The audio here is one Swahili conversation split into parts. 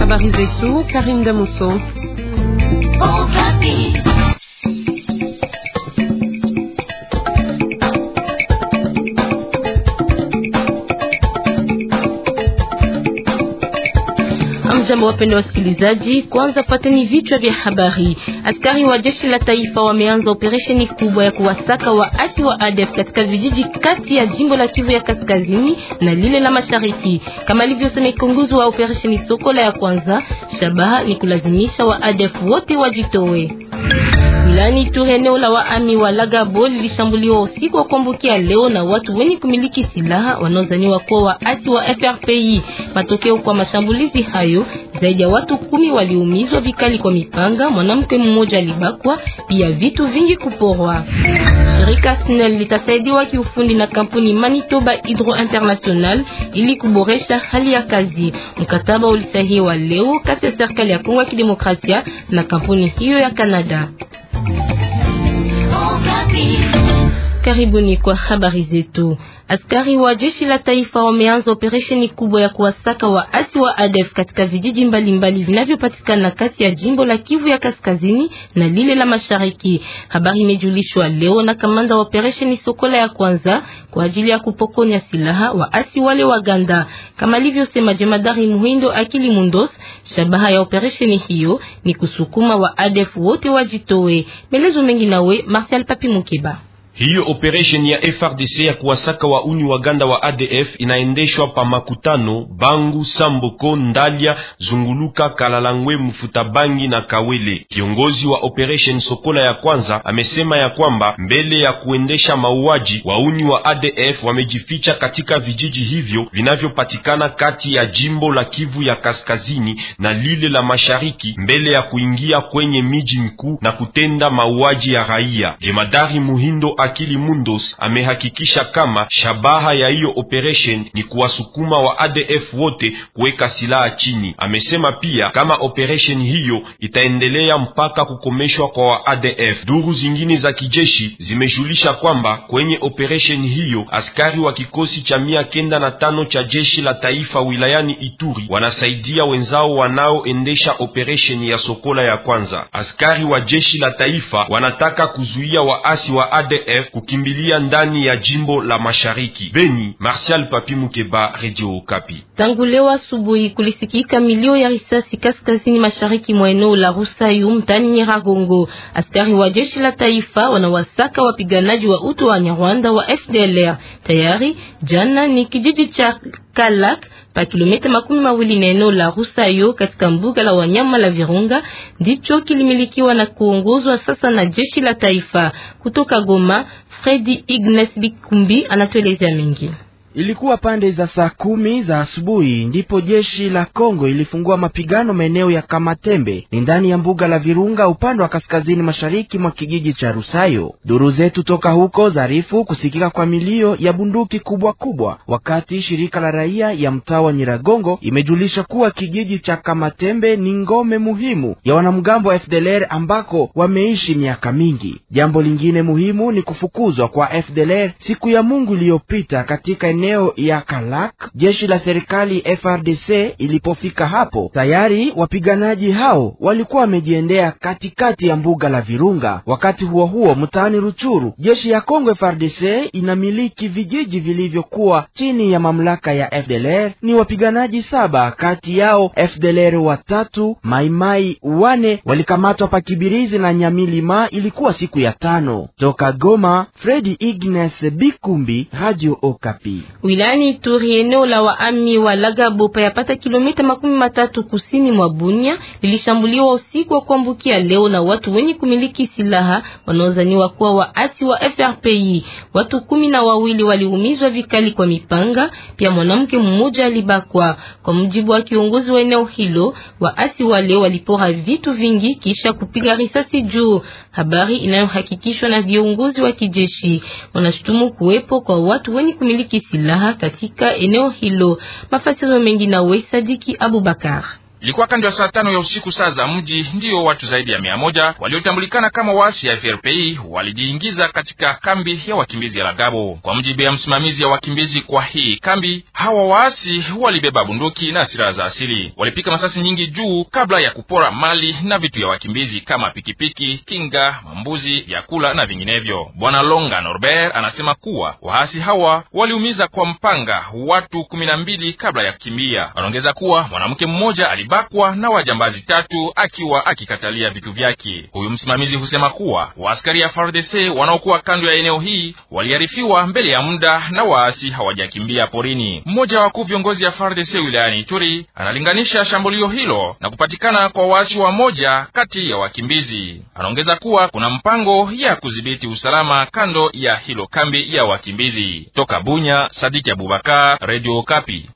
Habari zetu Karim Damoso. Hamjambo, wapendwa wasikilizaji. Kwanza pateni vichwa vya habari. Askari wa jeshi la taifa wameanza operesheni kubwa ya kuwasaka waasi wa ADF katika vijiji kati ya jimbo la Kivu ya kaskazini na lile la mashariki, kama alivyosema kiongozi wa operesheni Sokola ya kwanza. Shabaha ni kulazimisha wa ADF wote wajitoe Lani tu eneo la waami wa Lagabo lilishambuliwa usiku wa kuambukia leo na watu wenye kumiliki silaha wanaozaniwa kuwa waasi wa FRPI. Matokeo kwa mashambulizi hayo zaidi ya watu kumi waliumizwa vikali kwa mipanga, mwanamke mmoja alibakwa, pia vitu vingi kuporwa. Shirika SNEL litasaidiwa kiufundi na kampuni Manitoba Hydro International ili kuboresha hali ya kazi. Mkataba ulisahiwa leo kati ya serikali ya Kongo ya Kidemokrasia na kampuni hiyo ya Kanada. Oh, Karibuni kwa habari zetu. Askari wa jeshi la taifa wameanza operesheni kubwa ya kuwasaka waasi wa ADF katika vijiji mbalimbali vinavyopatikana kati ya jimbo la Kivu ya kaskazini na lile la mashariki. Habari imejulishwa leo na kamanda wa operesheni Sokola ya kwanza kwa ajili ya kupokonya silaha waasi wale wa Ganda. kama alivyosema jemadari Muhindo Akili Mundos. Shabaha ya operesheni hiyo ni kusukuma wa ADF wote wajitoe. Melezo mengi nawe Martial Papi Mukeba. Hiyo operation ya FRDC ya kuwasaka wauni waganda wa ADF inaendeshwa pa makutano Bangu, Samboko, Ndalia, Zunguluka, Kalalangwe, Mfutabangi na Kawele. Kiongozi wa operation Sokola ya kwanza amesema ya kwamba mbele ya kuendesha mauaji wauni wa ADF wamejificha katika vijiji hivyo vinavyopatikana kati ya jimbo la Kivu ya kaskazini na lile la mashariki mbele ya kuingia kwenye miji mikuu na kutenda mauaji ya raia. Jemadari Muhindo Akili Mundos amehakikisha kama shabaha ya hiyo operation ni kuwasukuma wa ADF wote kuweka silaha chini. Amesema pia kama operation hiyo itaendelea mpaka kukomeshwa kwa wa ADF. Duru zingine za kijeshi zimejulisha kwamba kwenye operation hiyo askari wa kikosi cha mia kenda na tano cha jeshi la taifa wilayani Ituri wanasaidia wenzao wanaoendesha operation ya Sokola ya kwanza. Askari wa jeshi la taifa wanataka kuzuia waasi wa ADF ADF kukimbilia ndani ya jimbo la mashariki Beni. Martial Papi Mukeba, Radio Okapi. Tangu leo asubuhi kulisikika milio ya risasi kaskazini mashariki mwa eneo la Rusayu mtani Nyiragongo. Askari wa jeshi la taifa wanawasaka wapiganaji wa utu wa Nyarwanda wa FDLR. Tayari jana ni kijiji cha Kalak pa kilomita makumi mawili na eneo la Rusayo katika mbuga la wanyama la Virunga ndicho kilimilikiwa na kuongozwa sasa na jeshi la taifa. Kutoka Goma, fredi Ignace Bikumbi anatuelezea mengi. Ilikuwa pande za saa kumi za asubuhi ndipo jeshi la Kongo ilifungua mapigano maeneo ya Kamatembe ni ndani ya mbuga la Virunga upande wa kaskazini mashariki mwa kijiji cha Rusayo. Duru zetu toka huko zarifu kusikika kwa milio ya bunduki kubwa kubwa, wakati shirika la raia ya mtaa wa Nyiragongo imejulisha kuwa kijiji cha Kamatembe ni ngome muhimu ya wanamgambo wa FDLR ambako wameishi miaka mingi. Jambo lingine muhimu ni kufukuzwa kwa FDLR siku ya Mungu iliyopita katika maeneo ya Kalak, jeshi la serikali FRDC ilipofika hapo, tayari wapiganaji hao walikuwa wamejiendea katikati ya mbuga la Virunga. Wakati huo huo, mtaani Ruchuru, jeshi ya Kongo FRDC inamiliki vijiji vilivyokuwa chini ya mamlaka ya FDLR. Ni wapiganaji saba, kati yao FDLR watatu, maimai wane walikamatwa Pakibirizi na Nyamilima, ilikuwa siku ya tano. Toka Goma, Fredi Ignace Bikumbi, Radio Okapi. Wilani Turi eneo la waami wa Lagabopa payapata kilomita makumi matatu kusini mwa Bunia lilishambuliwa usiku wa kuambukia leo na watu wenye kumiliki silaha wanaozaniwa kuwa waasi wa FRPI. Watu kumi na wawili waliumizwa vikali kwa mipanga, pia mwanamke mmoja alibakwa. Kwa mujibu wa kiongozi wa eneo hilo, waasi wale walipora vitu vingi kisha kupiga risasi juu, habari inayohakikishwa na viongozi wa kijeshi. Wanashutumu kuwepo kwa watu wenye kumiliki silaha silaha katika eneo hilo. Mafasirio mengi nawe Sadiki Abubakar. Ilikuwa kando ya saa tano ya usiku saa za mji, ndiyo watu zaidi ya mia moja waliotambulikana kama waasi ya FRPI walijiingiza katika kambi ya wakimbizi ya Lagabo. Kwa mujibu ya msimamizi ya wakimbizi kwa hii kambi, hawa waasi walibeba bunduki na silaha za asili, walipika masasi nyingi juu kabla ya kupora mali na vitu ya wakimbizi kama pikipiki, kinga, mbuzi, vyakula na vinginevyo. Bwana Longa Norbert anasema kuwa waasi hawa waliumiza kwa mpanga watu kumi na mbili kabla ya kukimbia. Anaongeza kuwa mwanamke mmoja alibaba alibakwa na wajambazi tatu akiwa akikatalia vitu vyake. Huyu msimamizi husema kuwa waaskari ya FARDC wanaokuwa kando ya eneo hii waliarifiwa mbele ya muda na waasi hawajakimbia porini. Mmoja wa wakuu viongozi ya FARDC wilayani Ituri analinganisha shambulio hilo na kupatikana kwa waasi wa moja kati ya wakimbizi. Anaongeza kuwa kuna mpango ya kudhibiti usalama kando ya hilo kambi ya wakimbizi. Toka Bunya, Sadiki Abubakar, Radio Kapi.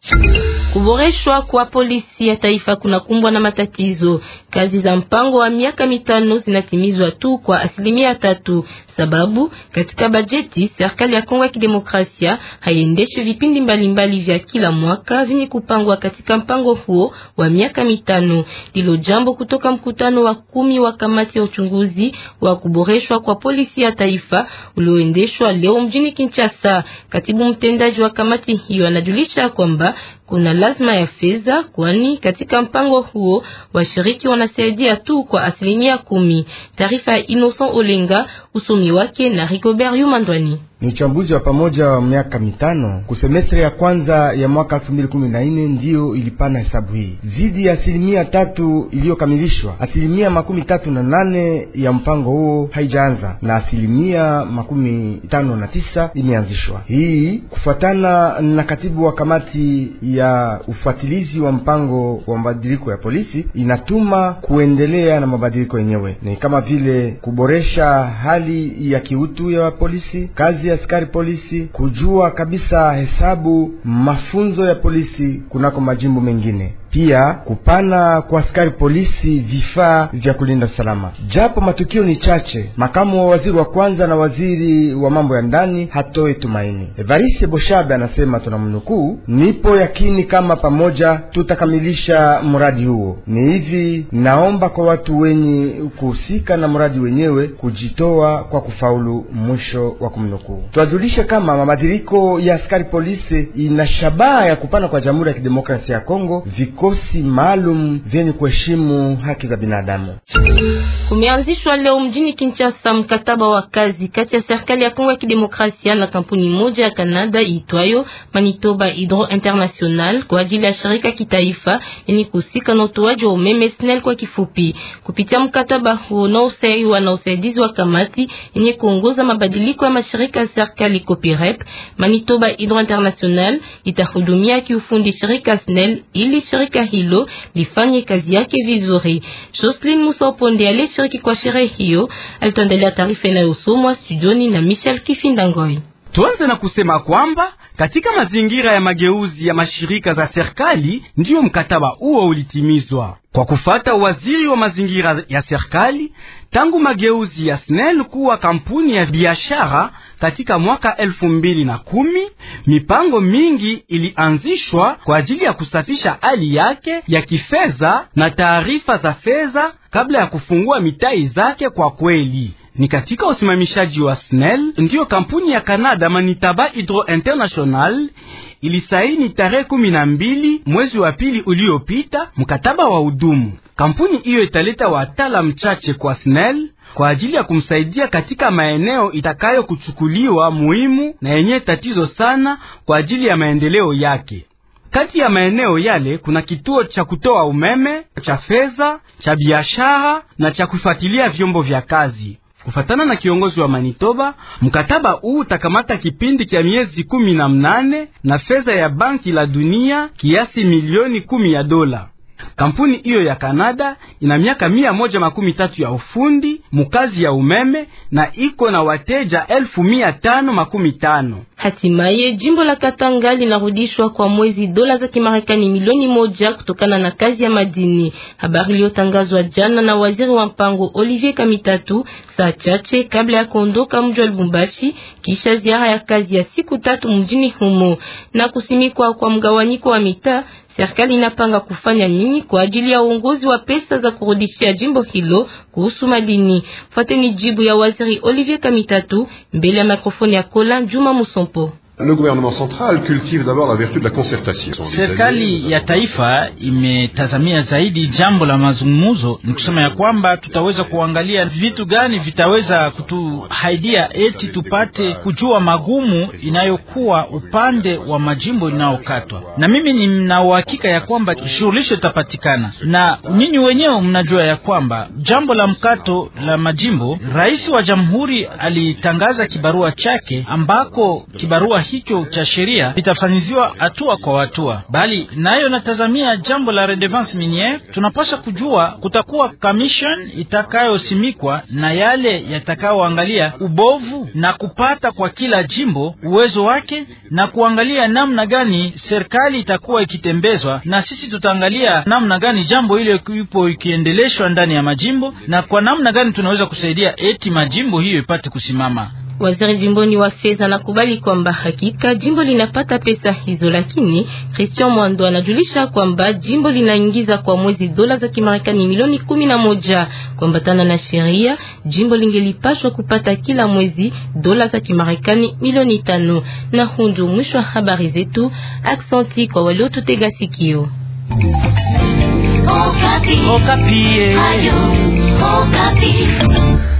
Kuboreshwa kwa polisi ya taifa kuna kumbwa na matatizo. Kazi za mpango wa miaka mitano zinatimizwa tu kwa asilimia tatu, sababu katika bajeti serikali ya Kongo ya Kidemokrasia haiendeshi vipindi mbalimbali vya kila mwaka vyenye kupangwa katika mpango huo wa miaka mitano. Lilo jambo kutoka mkutano wa kumi wa kamati ya uchunguzi wa kuboreshwa kwa polisi ya taifa ulioendeshwa leo mjini Kinshasa. Katibu mtendaji wa kamati hiyo anajulisha kwamba kuna lazima ya fedha, kwani katika mpango huo washiriki wanasaidia tu kwa asilimia kumi. Taarifa ya Innocent Olenga Usomi wake na Rigobert Yumandwani ni uchambuzi wa pamoja wa miaka mitano kusemestre ya kwanza ya mwaka 2014 mbili ndiyo ilipana hesabu hii zidi ya asilimia tatu iliyokamilishwa. Asilimia makumi tatu na nane ya mpango huo haijaanza na asilimia makumi tano na tisa imeanzishwa. Hii kufuatana na katibu wa kamati ya ufuatilizi wa mpango wa mabadiliko ya polisi, inatuma kuendelea na mabadiliko yenyewe ni kama vile kuboresha hali hali ya kiutu ya polisi, kazi ya askari polisi, kujua kabisa hesabu, mafunzo ya polisi kunako majimbo mengine pia kupana kwa askari polisi vifaa vya kulinda usalama, japo matukio ni chache. Makamu wa waziri wa kwanza na waziri wa mambo ya ndani hatoe tumaini. Evariste Boshabe anasema, tunamnukuu, nipo yakini kama pamoja tutakamilisha mradi huo. Ni hivi, naomba kwa watu wenye kuhusika na mradi wenyewe kujitoa kwa kufaulu, mwisho wa kumnukuu. Twajulishe kama mabadiliko ya askari polisi ina shabaha ya kupana kwa Jamhuri ya Kidemokrasia ya Kongo vikosi maalum vyenye kuheshimu haki za binadamu. Kumeanzishwa leo mjini Kinshasa mkataba wa kazi kati ya serikali ya Kongo ya Kidemokrasia na kampuni moja ya Kanada iitwayo Manitoba Hydro International kwa ajili ya shirika kitaifa yenye kuhusika na utoaji wa umeme SNEL kwa kifupi. Kupitia mkataba huo na usaidiwa na usaidizi wa kamati yenye kuongoza mabadiliko ya mashirika ya serikali Copirep, Manitoba Hydro International itahudumia kiufundi shirika SNEL ili shirika hilo lifanye kazi yake vizuri. Jocelyn Musoponde kushiriki kwa sherehe hiyo. Alitoendelea taarifa inayosomwa studioni na Michel Kifinda Ngoi. Tuanze na kusema kwamba katika mazingira ya mageuzi ya mashirika za serikali. Ndiyo mkataba huo ulitimizwa kwa kufata waziri wa mazingira ya serikali tangu mageuzi ya SNEL kuwa kampuni ya biashara katika mwaka elfu mbili na kumi, mipango mingi ilianzishwa kwa ajili ya kusafisha hali yake ya kifedha na taarifa za fedha kabla ya kufungua mitai zake kwa kweli ni katika usimamishaji wa SNEL, ndiyo kampuni ya Kanada Manitaba Hydro International ilisaini tarehe kumi na mbili mwezi wa pili uliopita mkataba wa udumu. Kampuni hiyo italeta wataalamu mchache kwa SNEL kwa ajili ya kumsaidia katika maeneo itakayokuchukuliwa muhimu na yenye tatizo sana kwa ajili ya maendeleo yake. Kati ya maeneo yale kuna kituo cha kutoa umeme, cha fedha, cha biashara na cha kufuatilia vyombo vya kazi. Kufatana na kiongozi wa Manitoba, mkataba huu utakamata kipindi cha miezi kumi na mnane na fedha ya Banki la Dunia kiasi milioni kumi ya dola. Kampuni hiyo ya Kanada ina miaka mia moja makumi tatu ya ufundi mukazi ya umeme na iko na wateja elfu mia tano makumi tano. Hatimaye jimbo la Katanga linarudishwa kwa mwezi dola za Kimarekani milioni moja kutokana na kazi ya madini. Habari iliyotangazwa jana na waziri wa mpango Olivier Kamitatu saa chache kabla ya kuondoka mji wa Lubumbashi kisha ziara ya kazi ya siku tatu mjini humo na kusimikwa kwa mgawanyiko wa mitaa serikali inapanga kufanya nini kwa ajili ya uongozi wa pesa za kurudishia jimbo hilo kuhusu madini. Fuateni jibu ya waziri Olivier Kamitatu mbele ya mikrofoni ya Kola Juma Musompo central la la vertu de concertation Serikali ya taifa imetazamia zaidi jambo la mazungumzo, ni kusema ya kwamba tutaweza kuangalia vitu gani vitaweza kutuhaidia eti tupate kujua magumu inayokuwa upande wa majimbo inayokatwa. Na mimi nina uhakika ya kwamba shughulisho itapatikana, na nyinyi wenyewe mnajua ya kwamba jambo la mkato la majimbo, rais wa jamhuri alitangaza kibarua chake ambako kibarua hicho cha sheria vitafanyiziwa hatua kwa hatua, bali nayo natazamia jambo la redevance miniere. Tunapaswa kujua kutakuwa commission itakayosimikwa na yale yatakayoangalia ubovu na kupata kwa kila jimbo uwezo wake na kuangalia namna gani serikali itakuwa ikitembezwa, na sisi tutaangalia namna gani jambo hilo ipo ikiendeleshwa ndani ya majimbo na kwa namna gani tunaweza kusaidia eti majimbo hiyo ipate kusimama. Waziri jimboni wa fedha anakubali kwamba hakika jimbo linapata pesa hizo, lakini Christian Mwando anajulisha kwamba jimbo linaingiza kwa mwezi dola za Kimarekani milioni kumi na moja. Kuambatana na sheria, jimbo lingelipashwa kupata kila mwezi dola za Kimarekani milioni tano. Na hundu mwisho wa habari zetu. Aksanti kwa waliotutega sikio. Okapi. Okapi. Okapi.